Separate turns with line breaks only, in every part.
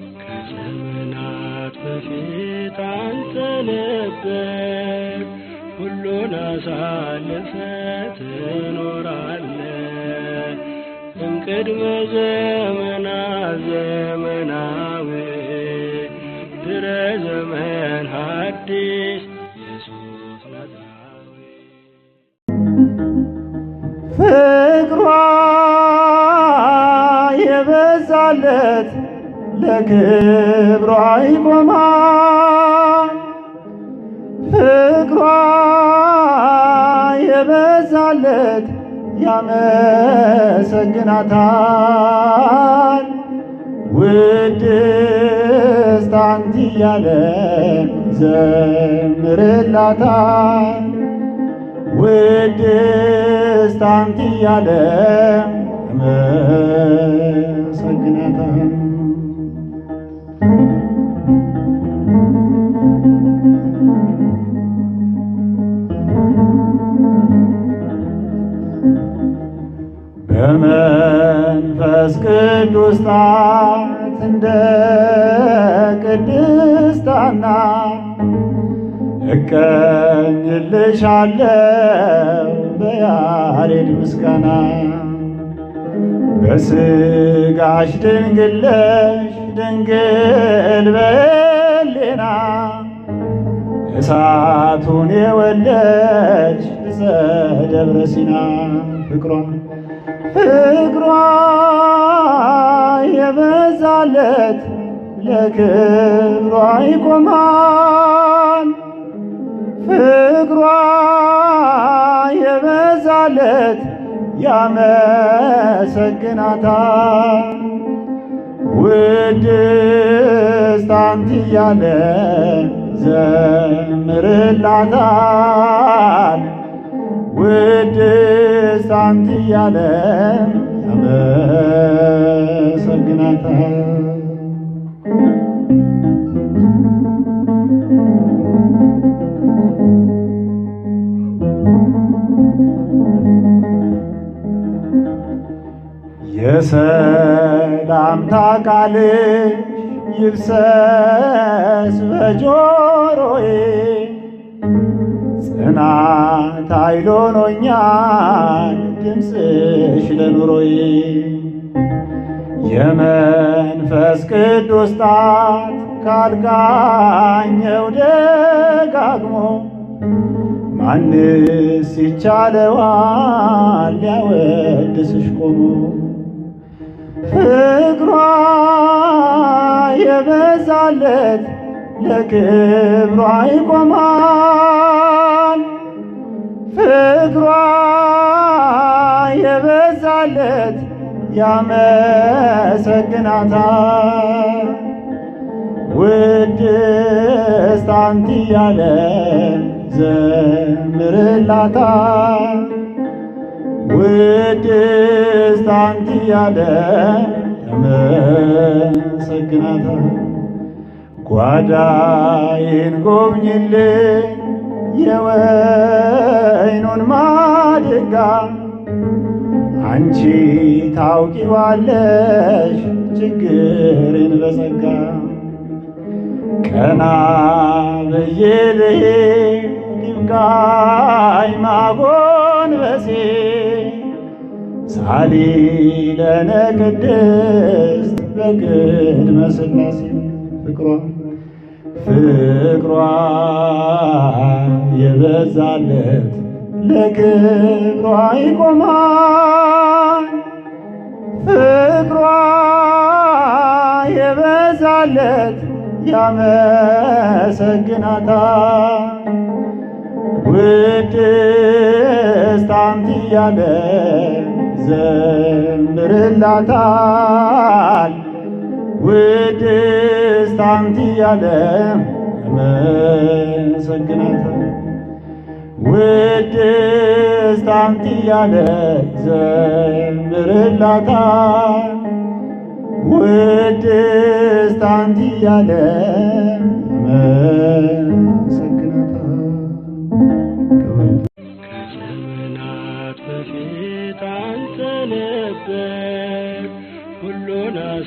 ከዘመናት በፊት አንተ ነበር ሁሉን አሳልፈ ትኖራለ እንቅድመ ዘመና ዘመናዊ ድረ ዘመን ሐዲስ ኢየሱስ ናዝራዊ ፍቅሯ የበዛለት ለክብሯ ይቆማል ፍቅሯ የበዛለት ያመሰግናታል ውድስት አንቲ እያለ ዘምርላታል ውድስት አንቲ እያለ መሰግናታል በመንፈስ ቅዱስ ጣት እንደ ቅድስት ሐና እቀኝልሻለሁ በያሬድ ምስጋና በስጋሽ ድንግለሽ ድንግል በሌና እሳቱን የወለድሽ ደብረ ሲና ፍቅሯን ፍቅሯ የበዛለት ለክብሯ ይቆማል ፍቅሯ የበዛለት ያመሰግናታል ውድስት አንት እያለ ዘምርላታል ቅድስት እያለ ያመሰግናታል። የሰላምታ ቃልሽ ይፍሰስ በጆሮዬ ቅናት ኃይል ሆኖኛል ድምፅሽ ለኑሮዬ የመንፈስ ቅዱስ ጣት ካልቃኘው ደጋግሞ ማንስ ይቻለዋል ሊያወድስሽ ቆሞ ፍቅሯ የበዛለት ለክብሯ ይቆማል ፍቅሯ የበዛለት ያመሰግናታል። ውድስት አንቲ ያለ ዘምርላታል። ውድስት አንቲ ያለ ያመሰግናታል። ጓዳዬን ጎብኝልኝ የወ ጸጋ አንቺ ታውቂዋለሽ ችግርን በጸጋ ቀና ብዬ ልሄድ ይብቃኝ ማጎንበሴ ቅድስት በቅድመ ሥላሴ ፍቅሯ ፍቅሯ የበዛለት ለክብሯ ይቆማል ፍቅሯ የበዛለት ያመሰግናታል። ቅድስት አንቲ እያለ ዘምርላታል ቅድስት አንቲ እያለ ያመሰግናታል። ውድስት አንቲ እያለ ዘምርላታል። ውድስት አንቲ እያለ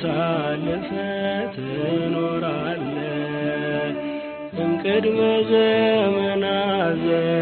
ከዘመናት እምቅድመ ዘመናት